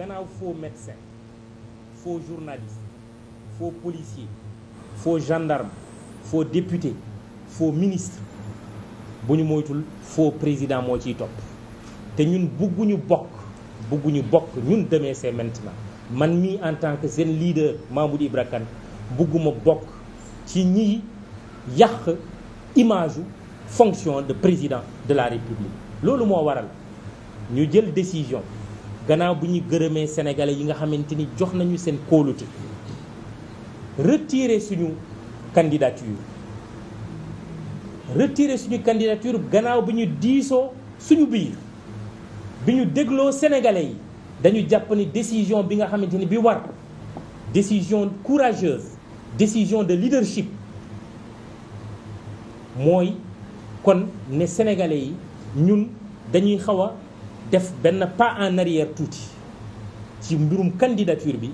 gannaaw foo médecin foo journaliste faux policier faux gendarme faux député faux ministre bu ñu moytul faux président moo ciy topp te ñun bëgguñu bokk bokk ñun demee c'est maintenant man mii en tant que seen leader Mamoudou Ibra Kane bëgguma bokk ci ñiy yàq image fonction de président de la république loolu moo waral ñu jël décision gannaaw bu ñuy gërëmee sénégalais yi nga xamante ni jox nañu seen kóolute retire suñu candidature retirer suñu candidature gannaaw bu ñu diisoo suñu biir bi ñu dégloo sénégalais yi dañu jàpp ni décision bi nga xamante ni bi war décision courageuse décision de leadership mooy kon ne sénégalais yi ñun dañuy xaw a def benn pas en arrière tuuti ci mbirum candidature bi